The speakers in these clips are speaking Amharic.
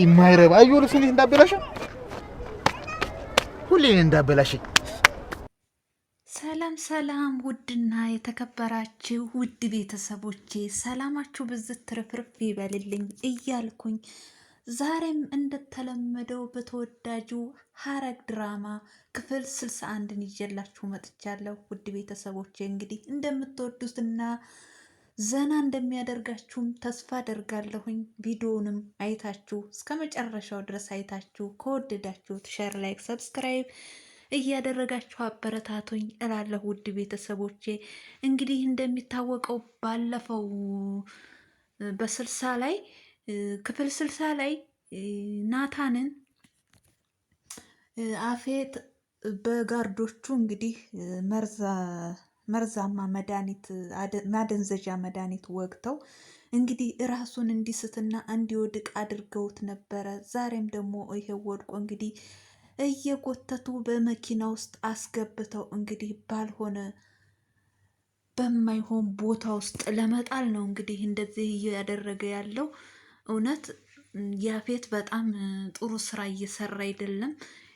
የማይረባ አዩ ልብስ እንዴት እንዳበላሸው ሁሌ እንዳበላሸኝ። ሰላም ሰላም! ውድና የተከበራችሁ ውድ ቤተሰቦቼ ሰላማችሁ ብዝት ትርፍርፍ ይበልልኝ እያልኩኝ ዛሬም እንደተለመደው በተወዳጁ ሐረግ ድራማ ክፍል ስልሳ አንድን ይዤላችሁ መጥቻለሁ። ውድ ቤተሰቦቼ እንግዲህ እንደምትወዱትና ዘና እንደሚያደርጋችሁም ተስፋ አደርጋለሁኝ። ቪዲዮውንም አይታችሁ እስከ መጨረሻው ድረስ አይታችሁ ከወደዳችሁት ሸር፣ ላይክ፣ ሰብስክራይብ እያደረጋችሁ አበረታቱኝ እላለሁ። ውድ ቤተሰቦቼ እንግዲህ እንደሚታወቀው ባለፈው በስልሳ ላይ ክፍል ስልሳ ላይ ናታንን አፌት በጋርዶቹ እንግዲህ መርዛ መርዛማ መድኃኒት ማደንዘዣ መድኃኒት ወግተው እንግዲህ ራሱን እንዲስትና እንዲወድቅ አድርገውት ነበረ። ዛሬም ደግሞ ይሄ ወድቆ እንግዲህ እየጎተቱ በመኪና ውስጥ አስገብተው እንግዲህ ባልሆነ በማይሆን ቦታ ውስጥ ለመጣል ነው እንግዲህ እንደዚህ እያደረገ ያለው። እውነት ያፌት በጣም ጥሩ ስራ እየሰራ አይደለም።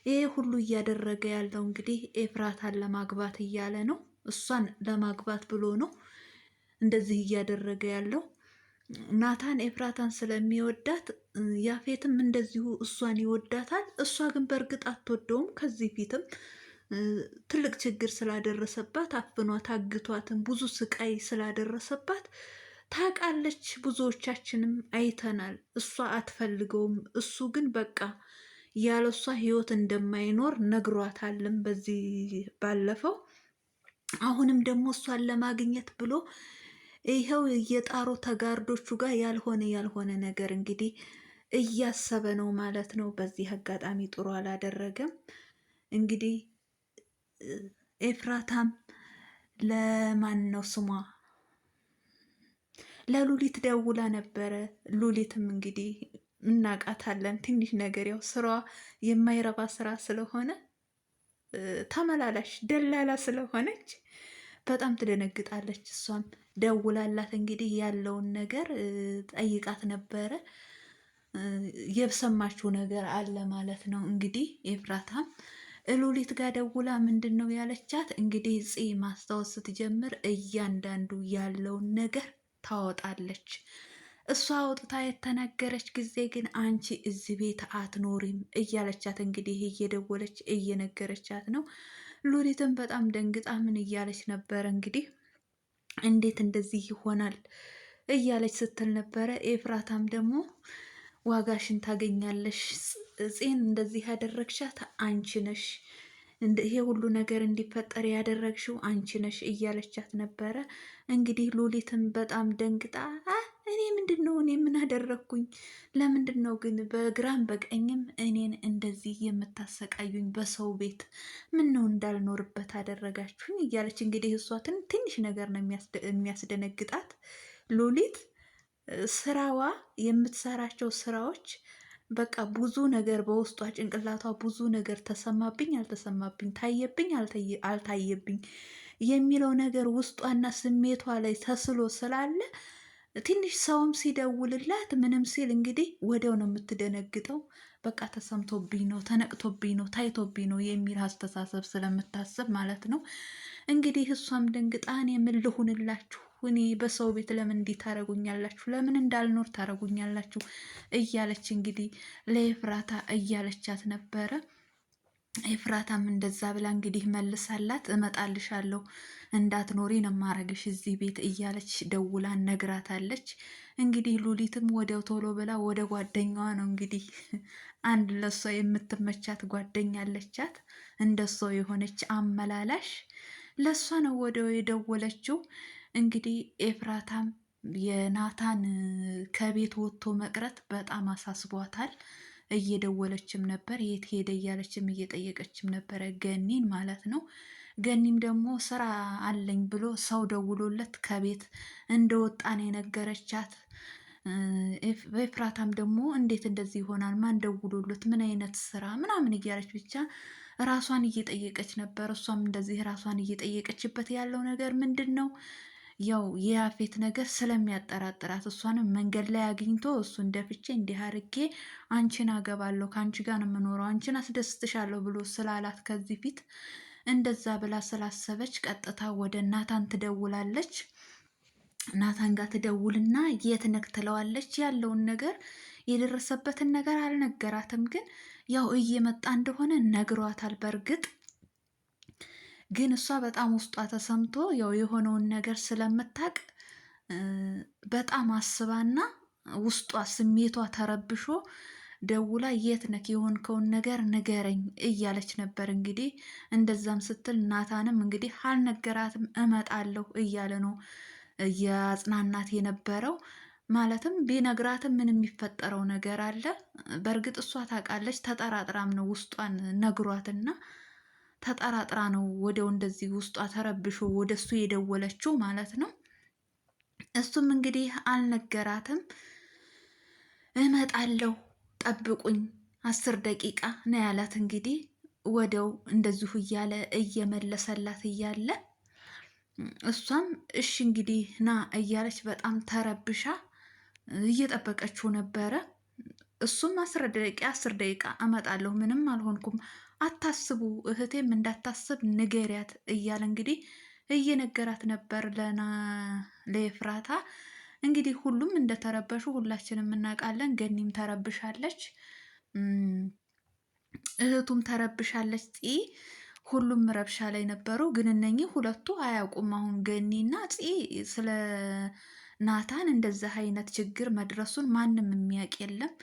ይሄ ሁሉ እያደረገ ያለው እንግዲህ ኤፍራታን ለማግባት እያለ ነው። እሷን ለማግባት ብሎ ነው እንደዚህ እያደረገ ያለው። ናታን ኤፍራታን ስለሚወዳት ያፌትም እንደዚሁ እሷን ይወዳታል። እሷ ግን በእርግጥ አትወደውም። ከዚህ ፊትም ትልቅ ችግር ስላደረሰባት አፍኗት ታግቷትም ብዙ ስቃይ ስላደረሰባት ታውቃለች። ብዙዎቻችንም አይተናል። እሷ አትፈልገውም። እሱ ግን በቃ ያለ እሷ ህይወት እንደማይኖር ነግሯታልም። በዚህ ባለፈው አሁንም ደግሞ እሷን ለማግኘት ብሎ ይኸው የጣሮ ተጋርዶቹ ጋር ያልሆነ ያልሆነ ነገር እንግዲህ እያሰበ ነው ማለት ነው። በዚህ አጋጣሚ ጥሩ አላደረገም። እንግዲህ ኤፍራታም ለማን ነው ስሟ ለሉሊት ደውላ ነበረ። ሉሊትም እንግዲህ እናቃታለን ትንሽ ነገር ያው ስራዋ የማይረባ ስራ ስለሆነ ተመላላሽ ደላላ ስለሆነች በጣም ትደነግጣለች። እሷም ደውላላት እንግዲህ ያለውን ነገር ጠይቃት ነበረ። የሰማችው ነገር አለ ማለት ነው። እንግዲህ ኤፍራታም እሉሊት ጋር ደውላ ምንድን ነው ያለቻት? እንግዲህ ፂ ማስታወስ ስትጀምር እያንዳንዱ ያለውን ነገር ታወጣለች። እሷ አውጥታ የተናገረች ጊዜ ግን አንቺ እዚህ ቤት አትኖሪም እያለቻት እንግዲህ እየደወለች እየነገረቻት ነው። ሉሊትም በጣም ደንግጣ ምን እያለች ነበረ እንግዲህ እንዴት እንደዚህ ይሆናል እያለች ስትል ነበረ። ኤፍራታም ደግሞ ዋጋሽን ታገኛለሽ፣ ጽን እንደዚህ ያደረግሻት አንቺ ነሽ፣ ይሄ ሁሉ ነገር እንዲፈጠር ያደረግሽው አንቺ ነሽ እያለቻት ነበረ። እንግዲህ ሉሊትን በጣም ደንግጣ እኔ ምንድን ነው እኔ ምን አደረግኩኝ? ለምንድን ነው ግን በግራም በቀኝም እኔን እንደዚህ የምታሰቃዩኝ? በሰው ቤት ምን ነው እንዳልኖርበት አደረጋችሁኝ? እያለች እንግዲህ እሷትን ትንሽ ነገር ነው የሚያስደነግጣት። ሉሊት ስራዋ የምትሰራቸው ስራዎች በቃ ብዙ ነገር በውስጧ ጭንቅላቷ ብዙ ነገር ተሰማብኝ አልተሰማብኝ ታየብኝ አልታየብኝ የሚለው ነገር ውስጧና ስሜቷ ላይ ተስሎ ስላለ ትንሽ ሰውም ሲደውልላት ምንም ሲል እንግዲህ ወዲያው ነው የምትደነግጠው። በቃ ተሰምቶብኝ ነው፣ ተነቅቶብኝ ነው፣ ታይቶብኝ ነው የሚል አስተሳሰብ ስለምታስብ ማለት ነው። እንግዲህ እሷም ደንግጣ እኔ ምን ልሁንላችሁ? እኔ በሰው ቤት ለምን እንዲህ ታረጉኛላችሁ? ለምን እንዳልኖር ታረጉኛላችሁ? እያለች እንግዲህ ለኤፍራታ እያለቻት ነበረ። ኤፍራታም እንደዛ ብላ እንግዲህ መልሳላት እመጣልሻለሁ እንዳትኖሪ ነው የማረግሽ እዚህ ቤት እያለች ደውላ ነግራታለች። እንግዲህ ሉሊትም ወዲያው ቶሎ ብላ ወደ ጓደኛዋ ነው እንግዲህ አንድ ለሷ የምትመቻት ጓደኛ አለቻት፣ እንደሷ የሆነች አመላላሽ ለሷ ነው ወዲያው የደወለችው። እንግዲህ ኤፍራታም የናታን ከቤት ወጥቶ መቅረት በጣም አሳስቧታል። እየደወለችም ነበር። የት ሄደ እያለችም እየጠየቀችም ነበረ ገኒን ማለት ነው። ገኒም ደግሞ ስራ አለኝ ብሎ ሰው ደውሎለት ከቤት እንደወጣ ነው የነገረቻት። ኤፍራታም ደግሞ እንዴት እንደዚህ ይሆናል? ማን ደውሎለት? ምን አይነት ስራ ምናምን እያለች ብቻ ራሷን እየጠየቀች ነበር። እሷም እንደዚህ ራሷን እየጠየቀችበት ያለው ነገር ምንድን ነው? ያው የያፌት ነገር ስለሚያጠራጥራት እሷንም መንገድ ላይ አግኝቶ እሱ እንደፍቼ እንዲህ አርጌ አንቺን አገባለሁ ከአንቺ ጋር የምኖረው አንቺን አስደስትሻለሁ ብሎ ስላላት ከዚህ ፊት እንደዛ ብላ ስላሰበች ቀጥታ ወደ ናታን ትደውላለች። ናታን ጋር ትደውልና የት ነክ ትለዋለች። ያለውን ነገር የደረሰበትን ነገር አልነገራትም፣ ግን ያው እየመጣ እንደሆነ ነግሯታል በእርግጥ ግን እሷ በጣም ውስጧ ተሰምቶ ያው የሆነውን ነገር ስለምታቅ በጣም አስባና ውስጧ ስሜቷ ተረብሾ ደውላ የት ነክ የሆንከውን ነገር ንገረኝ እያለች ነበር። እንግዲህ እንደዛም ስትል ናታንም እንግዲህ አልነገራትም እመጣለሁ እያለ ነው የአጽናናት የነበረው። ማለትም ቢነግራትም ምን የሚፈጠረው ነገር አለ? በእርግጥ እሷ ታውቃለች። ተጠራጥራም ነው ውስጧን ነግሯትና ተጠራጥራ ነው ወደው እንደዚህ ውስጧ ተረብሾ ወደሱ የደወለችው ማለት ነው። እሱም እንግዲህ አልነገራትም። እመጣለሁ ጠብቁኝ አስር ደቂቃ ነው ያላት። እንግዲህ ወደው እንደዚሁ እያለ እየመለሰላት እያለ እሷም እሺ እንግዲህ ና እያለች በጣም ተረብሻ እየጠበቀችው ነበረ። እሱም አስር ደቂቃ አስር ደቂቃ እመጣለሁ ምንም አልሆንኩም አታስቡ እህቴም እንዳታስብ ንገሪያት እያለ እንግዲህ እየነገራት ነበር ለና ለኤፍራታ። እንግዲህ ሁሉም እንደተረበሹ ሁላችንም እናውቃለን። ገኒም ተረብሻለች፣ እህቱም ተረብሻለች። ፂ ሁሉም ረብሻ ላይ ነበሩ። ግን እነኚህ ሁለቱ አያውቁም። አሁን ገኒና ፂ ስለ ናታን እንደዚህ አይነት ችግር መድረሱን ማንም የሚያውቅ የለም።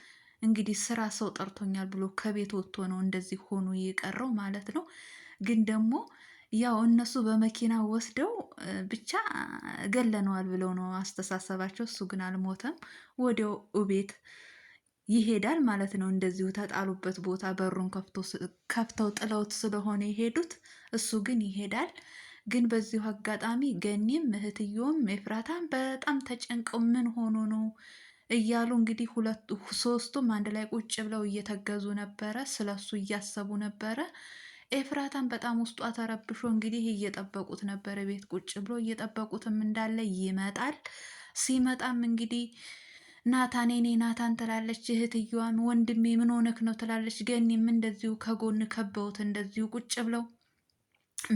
እንግዲህ ስራ ሰው ጠርቶኛል ብሎ ከቤት ወጥቶ ነው እንደዚህ ሆኖ የቀረው ማለት ነው። ግን ደግሞ ያው እነሱ በመኪና ወስደው ብቻ ገለነዋል ብለው ነው አስተሳሰባቸው። እሱ ግን አልሞተም፣ ወዲያው እቤት ይሄዳል ማለት ነው። እንደዚሁ ተጣሉበት ቦታ በሩን ከፍተው ጥለውት ስለሆነ የሄዱት እሱ ግን ይሄዳል። ግን በዚሁ አጋጣሚ ገኒም እህትዮም ኤፍራታም በጣም ተጨንቀው ምን ሆኖ ነው እያሉ እንግዲህ ሁለቱ ሶስቱም አንድ ላይ ቁጭ ብለው እየተገዙ ነበረ። ስለሱ እያሰቡ ነበረ። ኤፍራታን በጣም ውስጧ ተረብሾ እንግዲህ እየጠበቁት ነበረ። ቤት ቁጭ ብሎ እየጠበቁትም እንዳለ ይመጣል። ሲመጣም እንግዲህ ናታን ኔ ናታን ትላለች እህትየዋም። ወንድሜ ምን ሆነክ ነው ትላለች። ገኒም እንደዚሁ ከጎን ከበውት እንደዚሁ ቁጭ ብለው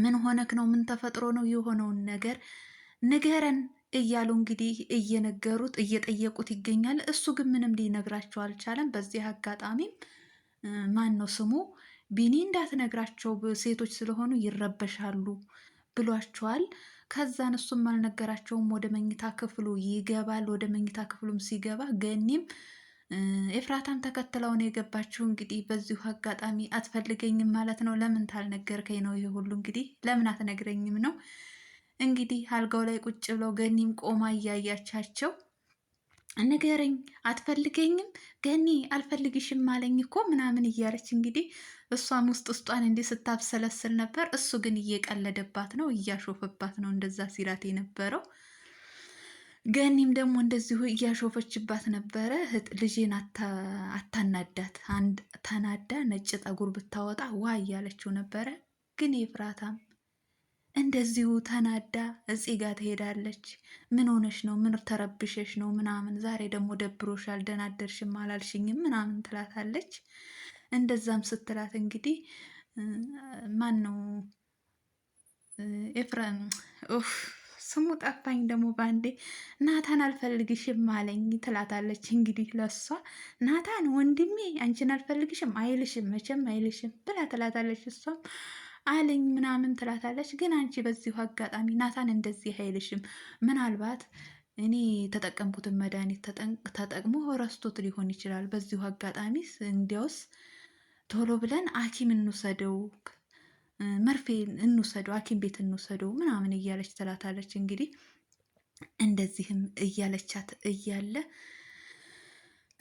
ምን ሆነክ ነው? ምን ተፈጥሮ ነው የሆነውን ነገር ንገረን እያሉ እንግዲህ እየነገሩት እየጠየቁት ይገኛል። እሱ ግን ምንም ሊነግራቸው አልቻለም። በዚህ አጋጣሚም ማን ነው ስሙ ቢኒ እንዳትነግራቸው ሴቶች ስለሆኑ ይረበሻሉ ብሏቸዋል። ከዛን እሱም አልነገራቸውም። ወደ መኝታ ክፍሉ ይገባል። ወደ መኝታ ክፍሉም ሲገባ ገኒም ኤፍራታም ተከትለውን የገባችው እንግዲህ በዚሁ አጋጣሚ አትፈልገኝም ማለት ነው። ለምን ታልነገርከኝ ነው? ይሄ ሁሉ እንግዲህ ለምን አትነግረኝም ነው እንግዲህ አልጋው ላይ ቁጭ ብለው ገኒም ቆማ እያያቻቸው ንገረኝ፣ አትፈልገኝም? ገኒ አልፈልግሽም አለኝ እኮ ምናምን እያለች እንግዲህ እሷም ውስጥ ውስጧን እንዲህ ስታብሰለስል ነበር። እሱ ግን እየቀለደባት ነው፣ እያሾፈባት ነው እንደዛ ሲላት የነበረው። ገኒም ደግሞ እንደዚሁ እያሾፈችባት ነበረ። ልጄን አታናዳት፣ አንድ ተናዳ ነጭ ጠጉር ብታወጣ ዋ እያለችው ነበረ። ግን የፍራታም እንደዚሁ ተናዳ እዚህ ጋር ትሄዳለች። ምን ሆነሽ ነው? ምን ተረብሸሽ ነው? ምናምን ዛሬ ደግሞ ደብሮሽ አልደናደርሽም አላልሽኝም ምናምን ትላታለች። እንደዛም ስትላት እንግዲህ ማን ነው ኤፍረም ስሙ ጠፋኝ። ደግሞ ባንዴ ናታን አልፈልግሽም አለኝ ትላታለች። እንግዲህ ለሷ ናታን ወንድሜ አንቺን አልፈልግሽም አይልሽም መቼም አይልሽም ብላ ትላታለች እሷም አለኝ ምናምን ትላታለች። ግን አንቺ በዚሁ አጋጣሚ ናታን እንደዚህ አይልሽም፣ ምናልባት እኔ የተጠቀምኩትን መድኃኒት ተጠቅሞ ረስቶት ሊሆን ይችላል። በዚሁ አጋጣሚ እንዲያውስ ቶሎ ብለን ሐኪም እንውሰደው መርፌ እንውሰደው ሐኪም ቤት እንውሰደው ምናምን እያለች ትላታለች። እንግዲህ እንደዚህም እያለቻት እያለ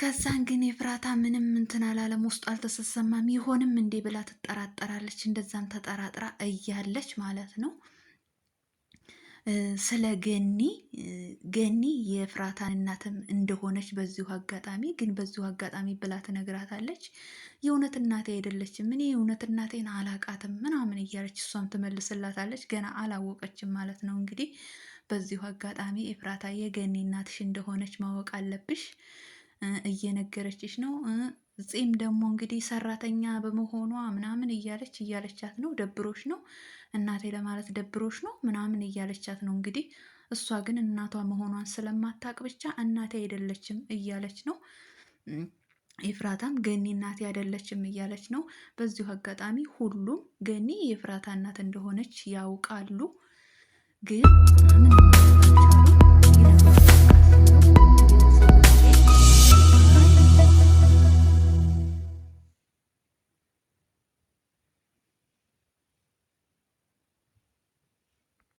ከዛን ግን የፍራታ ምንም እንትን አላለም፣ ውስጡ አልተሰሰማም። ይሆንም እንዴ ብላ ትጠራጠራለች። እንደዛም ተጠራጥራ እያለች ማለት ነው ስለ ገኒ ገኒ የፍራታን እናትም እንደሆነች በዚሁ አጋጣሚ ግን በዚሁ አጋጣሚ ብላ ትነግራታለች። የእውነት እናቴ አይደለችም እኔ የእውነት እናቴን አላቃትም ምናምን እያለች እሷም ትመልስላታለች። ገና አላወቀችም ማለት ነው እንግዲህ በዚሁ አጋጣሚ የፍራታ የገኒ እናትሽ እንደሆነች ማወቅ አለብሽ እየነገረችች ነው። ፂም ደግሞ እንግዲህ ሰራተኛ በመሆኗ ምናምን እያለች እያለቻት ነው። ደብሮች ነው እናቴ ለማለት ደብሮች ነው ምናምን እያለቻት ነው። እንግዲህ እሷ ግን እናቷ መሆኗን ስለማታቅ ብቻ እናቴ አይደለችም እያለች ነው። ኤፍራታም ገኒ እናቴ አይደለችም እያለች ነው። በዚሁ አጋጣሚ ሁሉም ገኒ የኤፍራታ እናት እንደሆነች ያውቃሉ ግን